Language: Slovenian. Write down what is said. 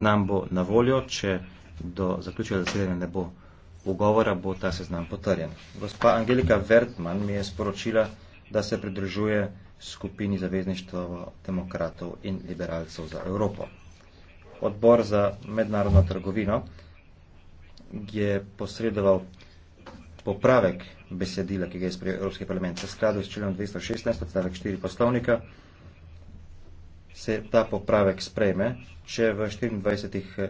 nam bo na voljo, če do zaključka zasedanja ne bo ugovora, bo ta seznam potrjen. Gospa Angelika Vertman mi je sporočila, da se pridružuje skupini zavezništva demokratov in liberalcev za Evropo. Odbor za mednarodno trgovino je posredoval popravek besedila, ki ga je sprejel Evropski parlament v skladu s členom 216, odstavek 4 poslovnika se ta popravek sprejme, če v 24